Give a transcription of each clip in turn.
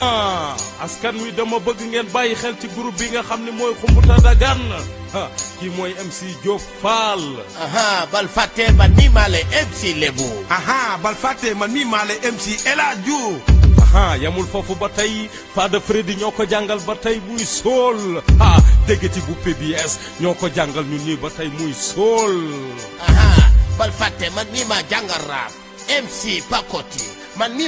ah askan wi dama bëgg ngeen bàyyi xel ci groupe bi nga xam ne mooy xumbuta dagan kii mooy MC Diop Fall. aha fàtte man mii maa bal fàtte man mii maa le MC El yamul foofu ba tey Fada Freddy ñoo ko jàngal ba tey muy sool ah dégg ci bu PBS ñoo ko jàngal ñu nii ba tey muy sool. aha bal fàtte man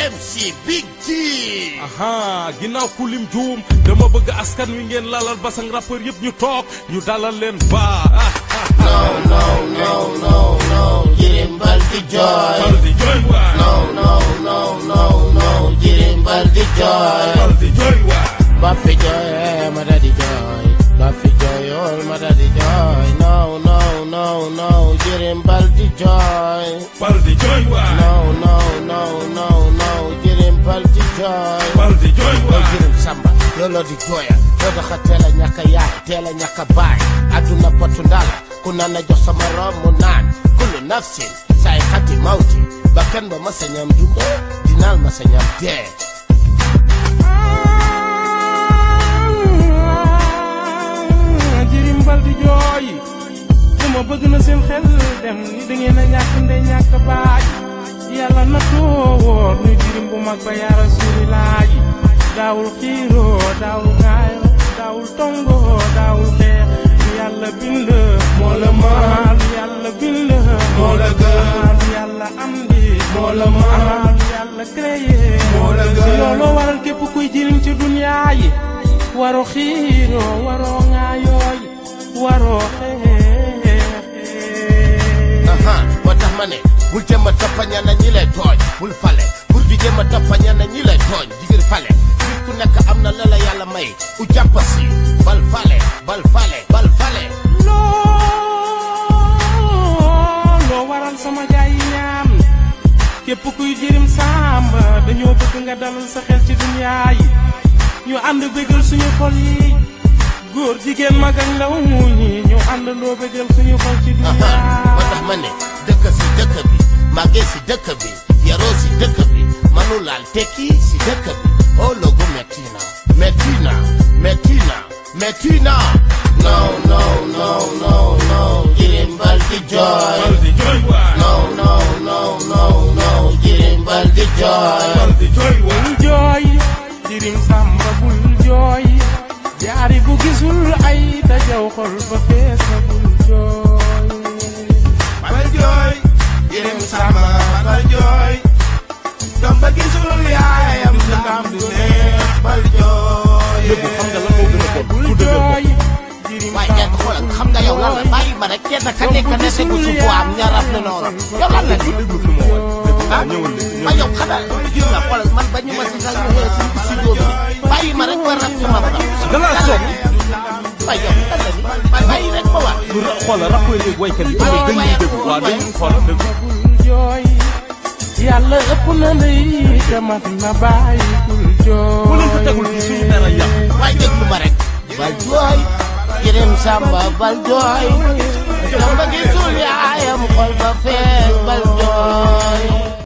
MC Big G. aha ginaw kulim lim dama bëgg askan wi ngeen lalal basang rapper yëpp ñu tok ñu dalal leen ba. no no no no no jirim bal di joy bal di no no no no no jirim bal di joy bal di jooy waay. ba fi ma da di joy ba fi oh ma da di joy no no no no jirim bal di joy bal di wa No jooy bal di jooy bal jëriñ samba looloo di jooya doo doxa teel a ñàkk a yaay teel a ñàkk a baay adduna potu ndala ku naan a jox sama room mu naan kullu nafsin saay xati mawti ba kenn ba ma sañam dundoo dinaal ma sañam dee jëriñ bal di jooy ku bëgg na seen xel dem ni a ñàkk ñàkk baay yàlla na too woor jirim bu mag ba yaa daawul xiiroo daawul ngaayoo daawul tongoo daawul xeex lu yàlla bind maal lu yàlla bind moo la gën lu maal lu yàlla créé moo la waral képp kuy jirim ci duniyaa waroo xiiroo waroo ngaayoo waroo xeex moo tax ma ne bul jéem a topp ñenn ñi lay tooñ bul fale bul di jéem a topp ñenn ñi lay tooñ jigir fale nit ku nekk am na la la yàlla may u jàppasi bal fale bal fale bal fale loo loo waral sama jaay yi ñaan képp kuy jirim sàmba dañoo bëgg nga dalal sa xel ci duniyaa yi ñu ànd bégal suñu xol yi jigéen mag ak ndaw ñi ñu àndandoo bëggal suñu xol ci dunya. moo tax ma ne dëkk si dëkk bi màggee si dëkk bi yaroo si dëkk bi manu laal tekki si dëkk bi oh logo metti na metti na metti na metti na. non non non non non jërëm bal di jooy. bal di jooy waay. non non non non non jërëm bal di jooy. bal di jooy waay. bul jooy jërëm sàmba bul jooy. yaari bu gisul ay dajaw xol ba feesagul jooy bal jooy yërëm sama bal jooy doom ba gisul yaayam ndam du neex bal jooy xam nga lan moo gën a bon ku dëgër waaye ñàkk xoolal xam nga yow lan la bàyyi ma rek kenn ka nekk ne tegu su ko am ña rab la noonu yow lan la di ah ma yow xanaa gis nga xoolal man ba ñu ma si xel ñu xëy si studio bi bàyyi ma rek ma rab ñu ma danaa sonn waaye yow lan la nii man bàyyi rek ba waat. bu ra xoolal a yi léegi waykat yi ba ngay gën di déglu waa dégg xoolal dégg. yàlla ëpp na lay tamat na bàyyi bul jooy. bu leen ko tegul fii suñu dara yàqu. waaye déglu ma rek. bal jooy. jërëm Samba bal jooy. Samba gisul yaayam xol ba fees bal jooy.